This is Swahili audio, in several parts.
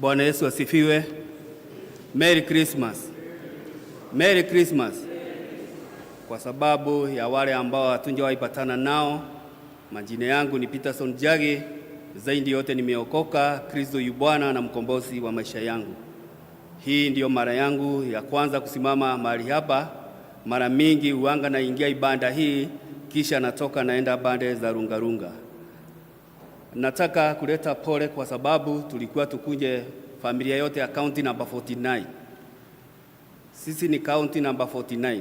Bwana Yesu asifiwe. Merry Christmas. Merry Christmas. Kwa sababu ya wale ambao hatunjawaipatana nao, majina yangu ni Peterson Jage. Zaidi yote nimeokoka, Kristo yu Bwana na mkombozi wa maisha yangu. Hii ndiyo mara yangu ya kwanza kusimama mahali hapa. Mara mingi uanga naingia ibanda hii, kisha natoka naenda bande za rungarunga. Nataka kuleta pole kwa sababu tulikuwa tukuje familia yote ya kaunti namba 49. Sisi ni kaunti namba 49,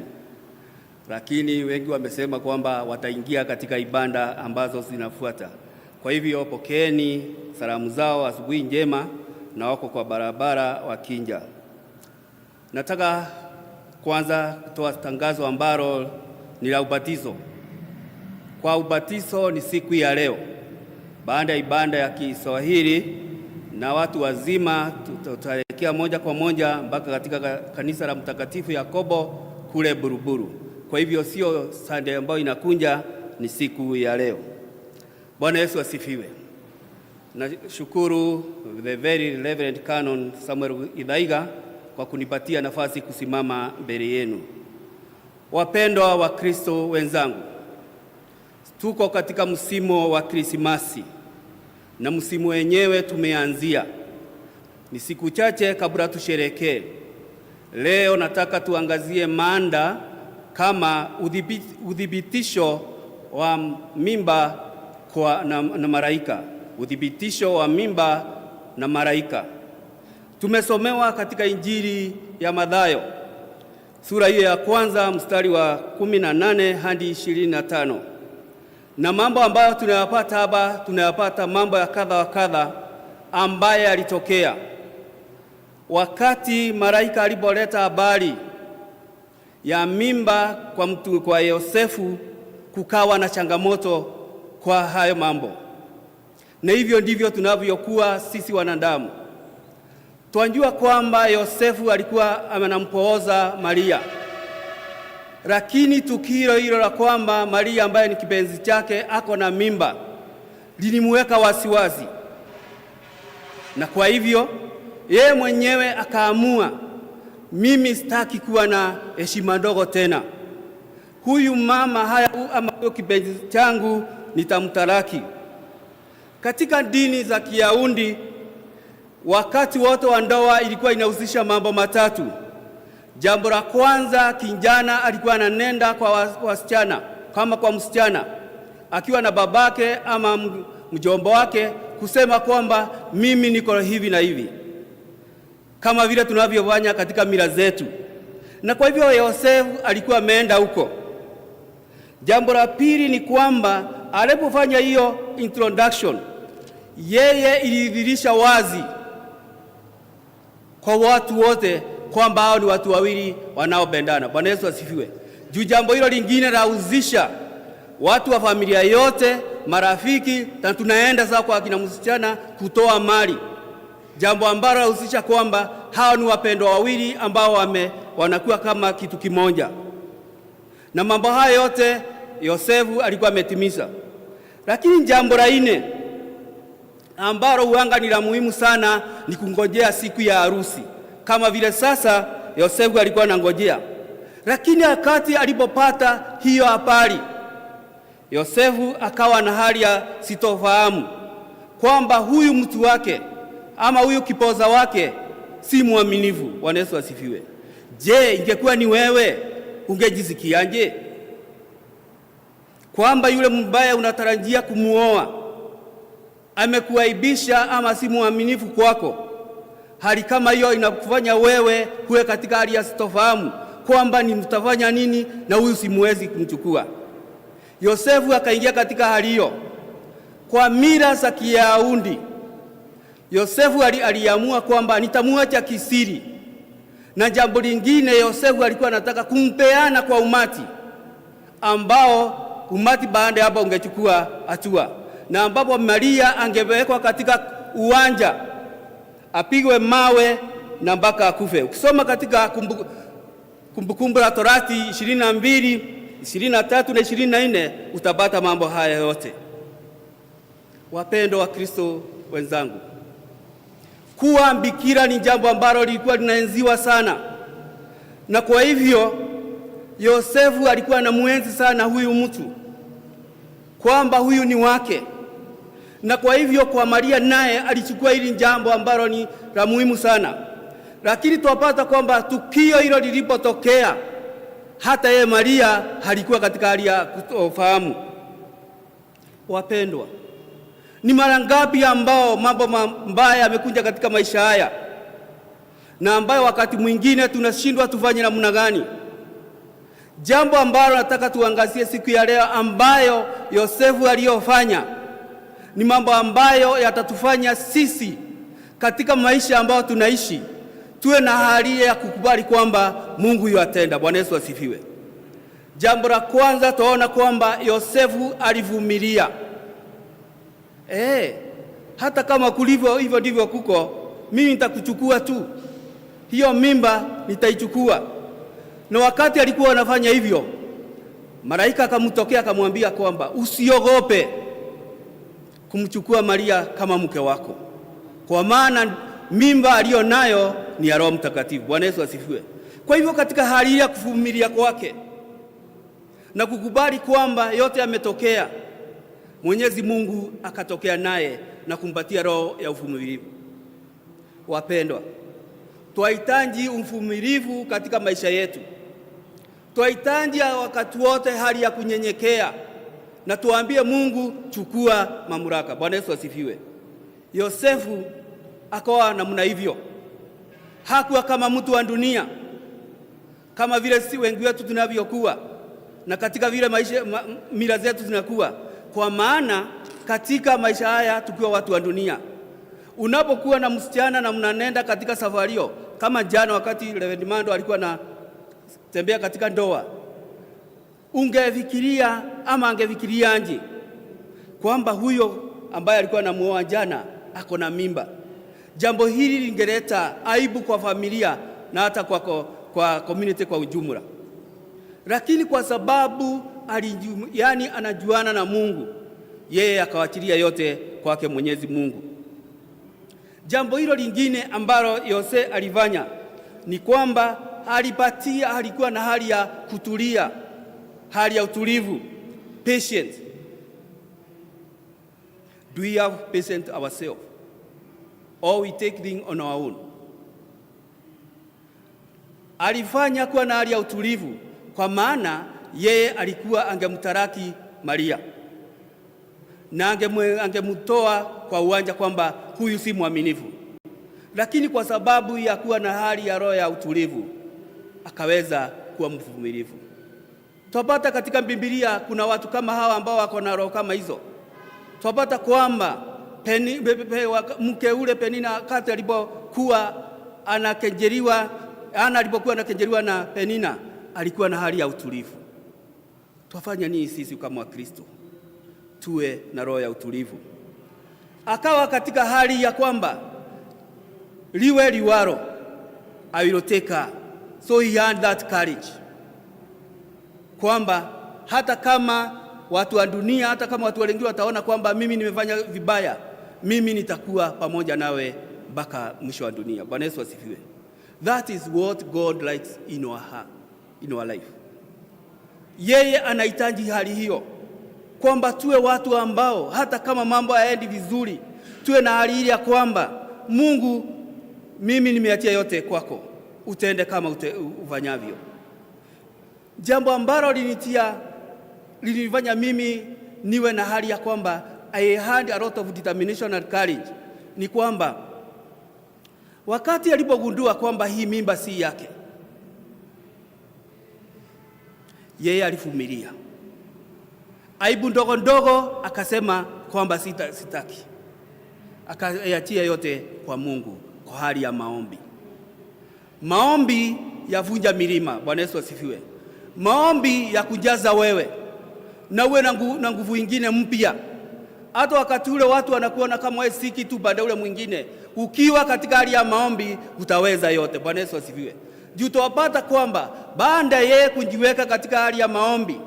lakini wengi wamesema kwamba wataingia katika ibada ambazo zinafuata. Kwa hivyo pokeeni salamu zao, asubuhi njema, na wako kwa barabara wa Kinja. Nataka kwanza kutoa tangazo ambalo ni la ubatizo. Kwa ubatizo ni siku ya leo baada ya ibada ya Kiswahili na watu wazima, tutaelekea moja kwa moja mpaka katika kanisa la Mtakatifu Yakobo kule Buruburu. Kwa hivyo sio Sunday ambayo inakunja, ni siku ya leo. Bwana Yesu asifiwe. Nashukuru the very reverend Canon Samuel Idhaiga kwa kunipatia nafasi kusimama mbele yenu. Wapendwa wa Kristo wenzangu, Tuko katika msimu wa Krismasi na msimu wenyewe tumeanzia, ni siku chache kabla tusherekee. Leo nataka tuangazie mada kama uthibitisho wa mimba kwa na, na malaika, uthibitisho wa mimba na malaika. Tumesomewa katika Injili ya Mathayo sura hiyo ya kwanza mstari wa 18 hadi 25 na mambo ambayo tunayapata hapa, tunayapata mambo ya kadha wa kadha ambaye yalitokea wakati malaika alipoleta habari ya mimba kwa mtu kwa Yosefu, kukawa na changamoto kwa hayo mambo, na hivyo ndivyo tunavyokuwa sisi wanadamu. Twajua kwamba Yosefu alikuwa anampooza Maria. Lakini tukio hilo la kwamba Maria ambaye ni kipenzi chake ako na mimba lilimuweka wasiwasi, na kwa hivyo yeye mwenyewe akaamua, mimi sitaki kuwa na heshima ndogo tena, huyu mama haya ama huyo kipenzi changu nitamtalaki. Katika dini za Kiyahudi wakati wote wa ndoa ilikuwa inahusisha mambo matatu. Jambo la kwanza, kijana alikuwa ananenda kwa wasichana, kama kwa msichana akiwa na babake ama mjomba wake, kusema kwamba mimi niko hivi na hivi, kama vile tunavyofanya katika mila zetu. Na kwa hivyo Yosefu alikuwa ameenda huko. Jambo la pili ni kwamba alipofanya hiyo introduction, yeye ilidhihirisha wazi kwa watu wote kwamba hao ni watu wawili wanaopendana. Bwana Yesu asifiwe. Juu jambo hilo lingine lahuzisha watu wa familia yote, marafiki, na tunaenda sasa kwa akina msichana kutoa mali, jambo ambalo lahusisha kwamba hao ni wapendwa wawili ambao wame wanakuwa kama kitu kimoja, na mambo haya yote Yosefu alikuwa ametimiza. Lakini jambo la nne ambalo uanga ni la muhimu sana ni kungojea siku ya harusi kama vile sasa Yosefu alikuwa anangojea. Lakini wakati alipopata hiyo habari, Yosefu akawa na hali ya sitofahamu kwamba huyu mtu wake ama huyu kipoza wake si mwaminifu. Bwana Yesu asifiwe. Je, ingekuwa ni wewe ungejisikiaje? Kwamba yule mbaya unatarajia kumuoa amekuaibisha ama si mwaminifu kwako hali kama hiyo inakufanya wewe kuwe katika hali ya sitofahamu kwamba ni mtafanya nini na huyu simwezi kumchukua. Yosefu akaingia katika hali hiyo kwa mila za Kiyahudi. Yosefu aliamua kwamba nitamwacha kisiri, na jambo lingine Yosefu alikuwa anataka kumpeana kwa umati ambao umati baada hapo ungechukua hatua, na ambapo Maria angewekwa katika uwanja apigwe mawe na mpaka akufe. Ukisoma katika kumbukumbu kumbu la Torati 22 23 na 24 utapata mambo haya yote. Wapendo wa Kristo wenzangu, kuwa bikira ni jambo ambalo lilikuwa linaenziwa sana, na kwa hivyo Yosefu alikuwa anamuenzi sana huyu mtu kwamba huyu ni wake na kwa hivyo kwa Maria naye alichukua hili jambo ambalo ni la muhimu sana, lakini twapata kwamba tukio hilo lilipotokea, hata yeye Maria halikuwa katika hali ya kutofahamu. Wapendwa, ni mara ngapi ambao mambo mabaya yamekuja katika maisha haya na ambayo wakati mwingine tunashindwa tufanye namna gani? Jambo ambalo nataka tuangazie siku ya leo ambayo Yosefu aliyofanya ni mambo ambayo yatatufanya sisi katika maisha ambayo tunaishi tuwe na hali ya kukubali kwamba Mungu yuatenda. atenda. Bwana Yesu asifiwe. Jambo la kwanza tunaona kwamba Yosefu alivumilia. Eh, hata kama kulivyo hivyo ndivyo kuko, mimi nitakuchukua tu, hiyo mimba nitaichukua. Na wakati alikuwa anafanya hivyo, malaika akamtokea akamwambia kwamba usiogope kumchukua Maria kama mke wako, kwa maana mimba aliyo nayo ni ya Roho Mtakatifu. Bwana Yesu asifiwe. Kwa hivyo katika hali ya kuvumilia kwake na kukubali kwamba yote yametokea, Mwenyezi Mungu akatokea naye na kumpatia roho ya uvumilivu. Wapendwa, twahitaji uvumilivu katika maisha yetu, twahitaji wakati wote hali ya kunyenyekea na tuambie Mungu, chukua mamlaka. Bwana Yesu asifiwe. Yosefu akawa namna hivyo, hakuwa kama mtu wa dunia kama vile si wengi wetu tunavyokuwa na katika vile maisha ma, mila zetu zinakuwa. Kwa maana katika maisha haya tukiwa watu wa dunia, unapokuwa na msichana na mnanenda katika safari hiyo, kama jana wakati Reverend Mando alikuwa na tembea katika ndoa, ungefikiria ama angefikiriaje kwamba huyo ambaye alikuwa anamuoa jana ako na mimba? Jambo hili lingeleta aibu kwa familia na hata kwa, kwa, kwa community kwa ujumla, lakini kwa sababu alijum, yani anajuana na Mungu, yeye akawachilia yote kwake Mwenyezi Mungu. Jambo hilo lingine ambalo Yose alifanya ni kwamba alipatia, alikuwa na hali ya kutulia, hali ya utulivu. Patient. Do we have patience ourselves? Or we take things on our own? Alifanya kuwa na hali ya utulivu kwa maana yeye alikuwa angemtaraki Maria na angemtoa kwa uwanja kwamba huyu si mwaminifu, lakini kwa sababu ya kuwa na hali ya roho ya utulivu akaweza kuwa mvumilivu. Twapata katika Biblia kuna watu kama hawa ambao wako na roho kama hizo. Twapata kwamba peni, mke ule Penina kati alipokuwa anakejeliwa, Ana alipokuwa anakejeliwa na Penina alikuwa na hali ya utulivu. Twafanya nini sisi kama Wakristo? Tuwe na roho ya utulivu. Akawa katika hali ya kwamba liwe liwaro, I will take her. So he had that courage kwamba hata kama watu wa dunia, hata kama watu wengine wataona kwamba mimi nimefanya vibaya, mimi nitakuwa pamoja nawe mpaka mwisho wa dunia. Bwana Yesu asifiwe. That is what God likes in our heart, in our life. Yeye anahitaji hali hiyo kwamba tuwe watu ambao hata kama mambo hayaendi vizuri, tuwe na hali ile ya kwamba Mungu, mimi nimeatia yote kwako, utende kama ute, ufanyavyo jambo ambalo linitia lilinifanya mimi niwe na hali ya kwamba I had a lot of determination and courage. Ni kwamba wakati alipogundua kwamba hii mimba si yake, yeye alivumilia aibu ndogo ndogo, akasema kwamba sita, sitaki, akayatia yote kwa Mungu kwa hali ya maombi. Maombi yavunja milima. Bwana Yesu asifiwe maombi ya kujaza wewe na uwe na nguvu nyingine mpya. Hata wakati ule watu wanakuona kama wewe si kitu, baada ule mwingine, ukiwa katika hali ya maombi utaweza yote. Bwana Yesu asifiwe. Juu utawapata kwamba baada ye kujiweka katika hali ya maombi,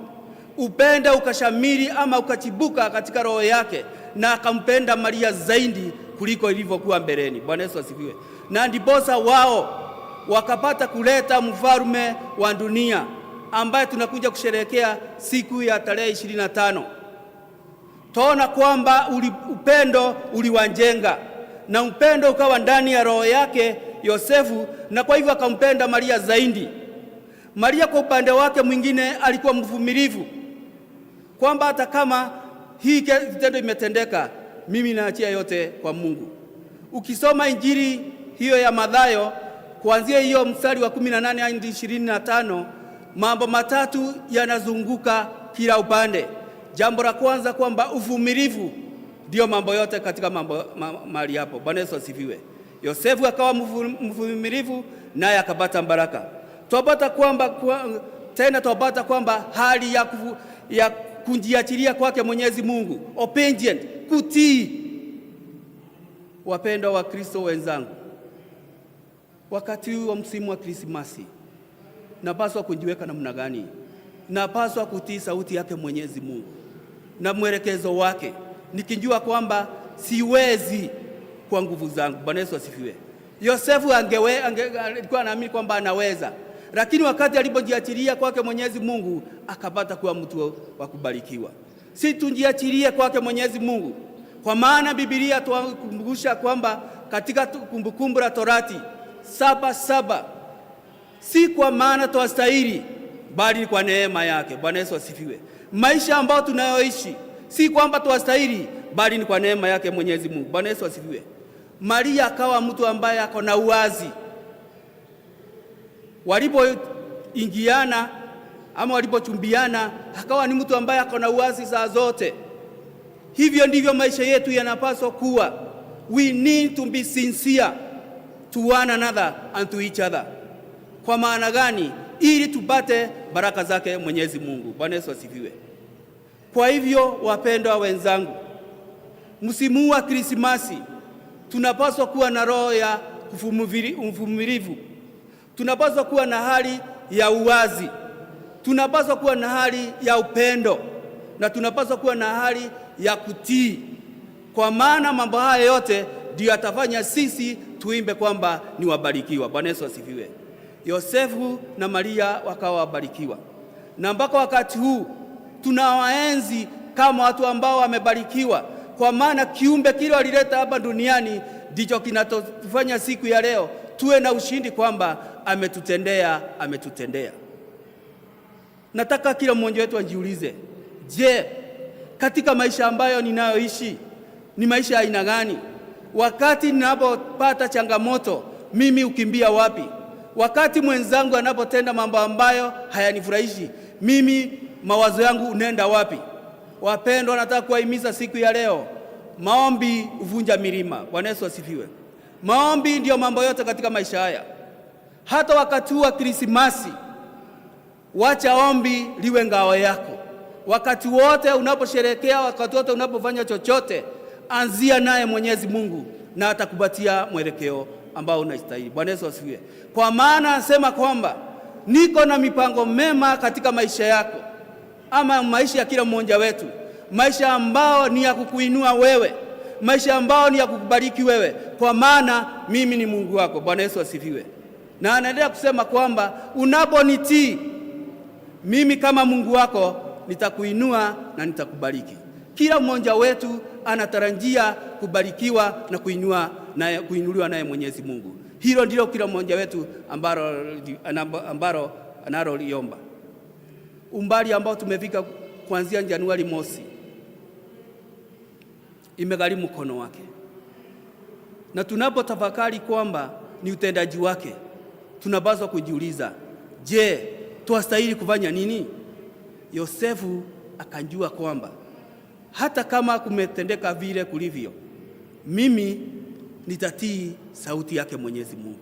upenda ukashamiri ama ukachibuka katika roho yake, na akampenda Maria zaidi kuliko ilivyokuwa mbeleni. Bwana Yesu asifiwe. Na ndiposa wao wakapata kuleta mfalme wa dunia ambaye tunakuja kusherehekea siku ya tarehe ishirini na tano. Twaona kwamba uli, upendo uliwanjenga na upendo ukawa ndani ya roho yake Yosefu, na kwa hivyo akampenda Maria zaidi. Maria kwa upande wake mwingine alikuwa mvumilivu, kwamba hata kama hii kitendo imetendeka, mimi naachia yote kwa Mungu. Ukisoma injili hiyo ya Mathayo kuanzia hiyo mstari wa 18 hadi 25 mambo matatu yanazunguka kila upande. Jambo la kwanza kwamba uvumilivu ndio mambo yote katika mambo mali hapo. Bwana Yesu asifiwe. Yosefu akawa mvumilivu naye akapata baraka. Twapata kwamba kwa, tena twapata kwamba hali ya, kufu, ya kujiachilia kwake Mwenyezi Mungu, obedient, kutii. Wapendwa wa Kristo wenzangu, wakati huu wa msimu wa Krismasi napaswa kujiweka namna gani? Napaswa kutii sauti yake Mwenyezi Mungu na mwelekezo wake, nikijua kwamba siwezi kwa nguvu zangu. Bwana Yesu asifiwe. Yosefu angewe alikuwa anaamini kwamba anaweza, lakini wakati alipojiachilia kwake Mwenyezi Mungu akapata kuwa mtu wa kubarikiwa. Si tujiachilie kwake Mwenyezi Mungu, kwa maana Biblia tukumbusha kwamba katika kumbukumbu la Torati saba saba si kwa maana twastahili, bali ni kwa neema yake. Bwana Yesu asifiwe. Maisha ambayo tunayoishi si kwamba twastahili, bali ni kwa neema yake Mwenyezi Mungu. Bwana Yesu asifiwe. Maria akawa mtu ambaye ako na uwazi. Walipoingiana ama walipochumbiana, akawa ni mtu ambaye ako na uwazi saa zote. Hivyo ndivyo maisha yetu yanapaswa kuwa. We need to be sincere to one another and to each other. Kwa maana gani? Ili tupate baraka zake Mwenyezi Mungu. Bwana Yesu asifiwe. Kwa hivyo, wapendwa wenzangu, msimu wa Krismasi tunapaswa kuwa na roho ya uvumilivu, tunapaswa kuwa na hali ya uwazi, tunapaswa kuwa na hali ya upendo na tunapaswa kuwa na hali ya kutii, kwa maana mambo haya yote ndiyo yatafanya sisi tuimbe kwamba ni wabarikiwa. Bwana Yesu asifiwe. Yosefu na Maria wakawa wabarikiwa, na mpaka wakati huu tunawaenzi kama watu ambao wamebarikiwa, kwa maana kiumbe kile walileta hapa duniani ndicho kinatufanya siku ya leo tuwe na ushindi kwamba ametutendea, ametutendea. Nataka kila mmoja wetu anjiulize, je, katika maisha ambayo ninayoishi ni maisha aina gani? Wakati ninapopata changamoto, mimi ukimbia wapi? wakati mwenzangu anapotenda mambo ambayo hayanifurahishi mimi, mawazo yangu unaenda wapi? Wapendwa, nataka kuwahimiza siku ya leo, maombi huvunja milima. Bwana Yesu asifiwe. Maombi ndiyo mambo yote katika maisha haya. Hata wakati huu wa Krismasi, wacha ombi liwe ngao yako wakati wote unaposherekea, wakati wote unapofanya chochote, anzia naye Mwenyezi Mungu na atakupatia mwelekeo ambao unastahili. Bwana Yesu asifiwe. Kwa maana anasema kwamba niko na mipango mema katika maisha yako, ama maisha ya kila mmoja wetu, maisha ambao ni ya kukuinua wewe, maisha ambao ni ya kukubariki wewe, kwa maana mimi ni Mungu wako. Bwana Yesu asifiwe. Na anaendelea kusema kwamba unaponitii mimi kama Mungu wako nitakuinua na nitakubariki. Kila mmoja wetu anatarajia kubarikiwa na kuinua na kuinuliwa naye Mwenyezi Mungu. Hilo ndilo kila mmoja wetu ambalo, ambalo analoliomba. Umbali ambao tumefika kuanzia Januari mosi imegharimu mkono wake, na tunapotafakari kwamba ni utendaji wake, tunapaswa kujiuliza, je, twastahili kufanya nini? Yosefu akajua kwamba hata kama kumetendeka vile kulivyo, mimi nitatii sauti yake Mwenyezi Mungu.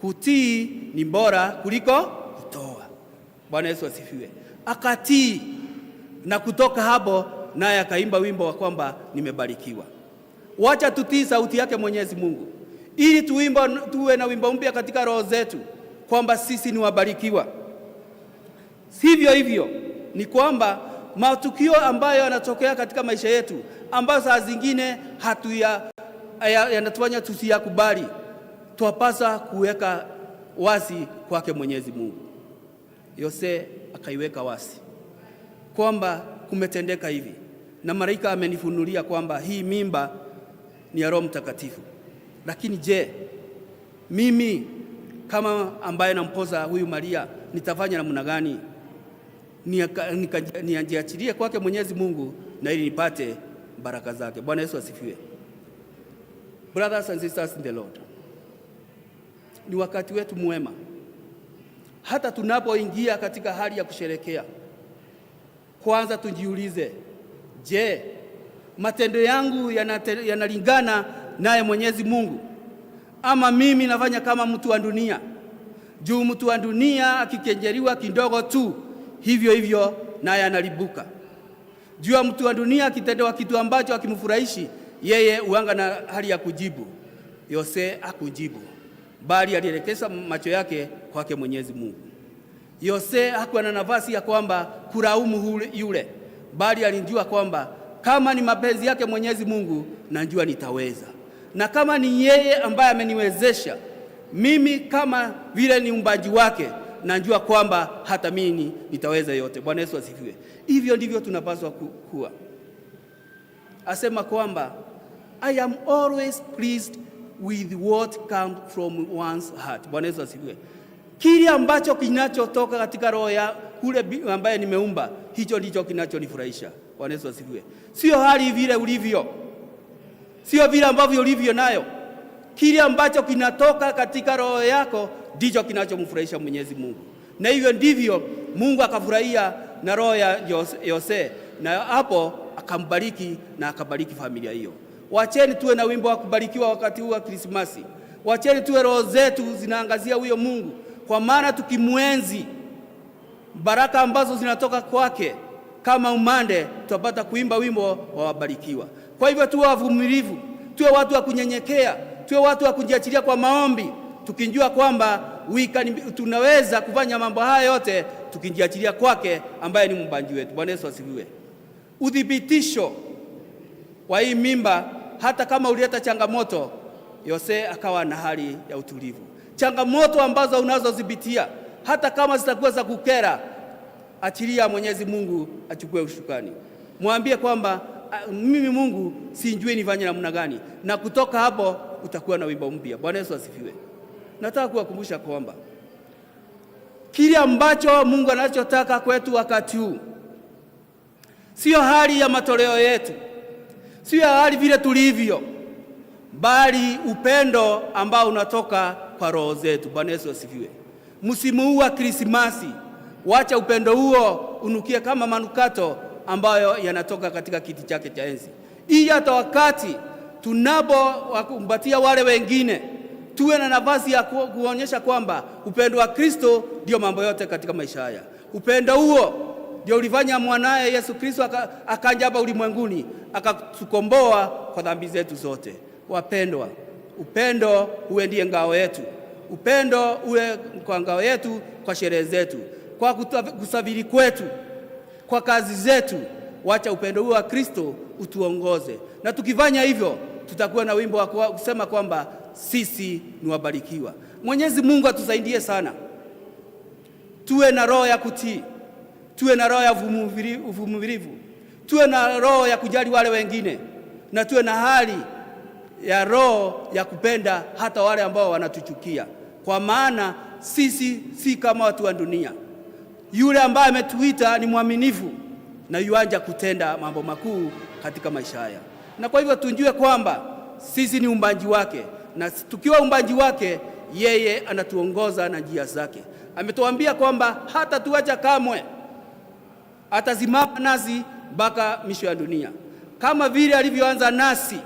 Kutii ni bora kuliko kutoa. Bwana Yesu asifiwe. Akatii na kutoka hapo naye akaimba wimbo wa kwamba nimebarikiwa. Wacha tutii sauti yake Mwenyezi Mungu ili tuimba, tuwe na wimbo mpya katika roho zetu kwamba sisi ni wabarikiwa. Sivyo hivyo, ni kwamba matukio ambayo yanatokea katika maisha yetu ambayo saa zingine hatuya yanatufanya tusiyakubali, twapasa kuweka wazi kwake Mwenyezi Mungu. Yose akaiweka wazi kwamba kumetendeka hivi, na malaika amenifunulia kwamba hii mimba ni ya Roho Mtakatifu. Lakini je, mimi kama ambaye nampoza huyu Maria nitafanya namna gani? Nianjiachilie kwake Mwenyezi Mungu na ili nipate baraka zake. Bwana Yesu asifiwe. Brothers and sisters in the Lord, ni wakati wetu mwema, hata tunapoingia katika hali ya kusherekea. Kwanza tujiulize, je, matendo yangu yanalingana naye Mwenyezi Mungu, ama mimi nafanya kama mtu wa dunia? Juu mtu wa dunia akikenjeriwa kidogo tu, hivyo hivyo naye analibuka. Juu ya mtu wa dunia akitendewa kitu ambacho akimfurahishi yeye uanga na hali ya kujibu. Yose akujibu bali alielekeza macho yake kwake Mwenyezi Mungu. Yose hakuwa na nafasi ya kwamba kulaumu yule, bali alijua kwamba kama ni mapenzi yake Mwenyezi Mungu, najua nitaweza, na kama ni yeye ambaye ameniwezesha mimi, kama vile ni umbaji wake, najua kwamba hata mimi nitaweza yote. Bwana Yesu asifiwe. Hivyo ndivyo tunapaswa kuwa, asema kwamba I am always pleased with what comes from one's heart. Bwana Yesu asifiwe. Kile ambacho kinachotoka katika roho ya kule ambaye nimeumba, hicho ndicho kinachonifurahisha. Bwana Yesu asifiwe. Sio hali vile ulivyo, sio vile ambavyo ulivyo nayo. Kile ambacho kinatoka katika roho yako ndicho kinachomfurahisha Mwenyezi Mungu, na hivyo ndivyo Mungu akafurahia na roho ya Yose, Yose na hapo akambariki na akabariki familia hiyo. Wacheni tuwe na wimbo wa kubarikiwa wakati huu wa Krismasi. Wacheni tuwe roho zetu zinaangazia huyo Mungu, kwa maana tukimwenzi baraka ambazo zinatoka kwake kama umande, tutapata kuimba wimbo wa wabarikiwa. Kwa hivyo tuwe wavumilivu, tuwe watu wa kunyenyekea, tuwe watu wa kujiachilia kwa maombi, tukijua kwamba tunaweza kufanya mambo haya yote tukijiachilia kwake ambaye ni mumbanji wetu. Bwana Yesu asifiwe. Udhibitisho wa hii mimba hata kama ulileta changamoto, Yose akawa na hali ya utulivu. Changamoto ambazo unazozipitia hata kama zitakuwa za kukera, achilia Mwenyezi Mungu achukue ushukani, mwambie kwamba mimi Mungu sijui nifanye namna gani, na kutoka hapo utakuwa na wimbo mpya. Bwana Yesu asifiwe. Nataka kuwakumbusha kwamba kile ambacho Mungu anachotaka kwetu wakati huu sio hali ya matoleo yetu si hali vile tulivyo, bali upendo ambao unatoka kwa roho zetu. Bwana Yesu asifiwe. Msimu huu wa Krismasi, wacha upendo huo unukie kama manukato ambayo yanatoka katika kiti chake cha enzi, Hii hata wakati tunapowakumbatia wale wengine tuwe na nafasi ya kuonyesha kwamba upendo wa Kristo ndio mambo yote katika maisha haya. Upendo huo ndio ulifanya mwanaye Yesu Kristo akaja hapa ulimwenguni akatukomboa kwa dhambi zetu zote. Wapendwa, upendo uwe ndiye ngao yetu, upendo uwe kwa ngao yetu, kwa sherehe zetu, kwa kusafiri kwetu, kwa kazi zetu. Wacha upendo huo wa Kristo utuongoze, na tukifanya hivyo tutakuwa na wimbo wa kusema kwamba sisi ni wabarikiwa. Mwenyezi Mungu atusaidie sana, tuwe na roho ya kutii, tuwe na roho ya uvumilivu tuwe na roho ya kujali wale wengine na tuwe na hali ya roho ya kupenda hata wale ambao wanatuchukia, kwa maana sisi si kama watu wa dunia. Yule ambaye ametuita ni mwaminifu na yuanja kutenda mambo makuu katika maisha haya, na kwa hivyo tunjue kwamba sisi ni umbaji wake, na tukiwa umbaji wake, yeye anatuongoza na njia zake. Ametuambia kwamba hata tuacha kamwe, atazimama nasi mpaka misho ya dunia, kama vile alivyoanza nasi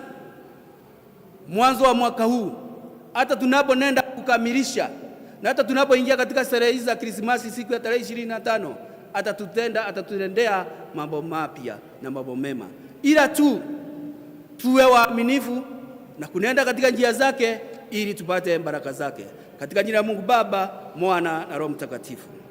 mwanzo wa mwaka huu, hata tunaponenda kukamilisha na hata tunapoingia katika sherehe hizi za Krismasi siku ya tarehe ishirini na tano atatutenda atatutendea mambo mapya na mambo mema, ila tu tuwe waaminifu na kunenda katika njia zake ili tupate baraka zake, katika jina la Mungu Baba, Mwana na Roho Mtakatifu.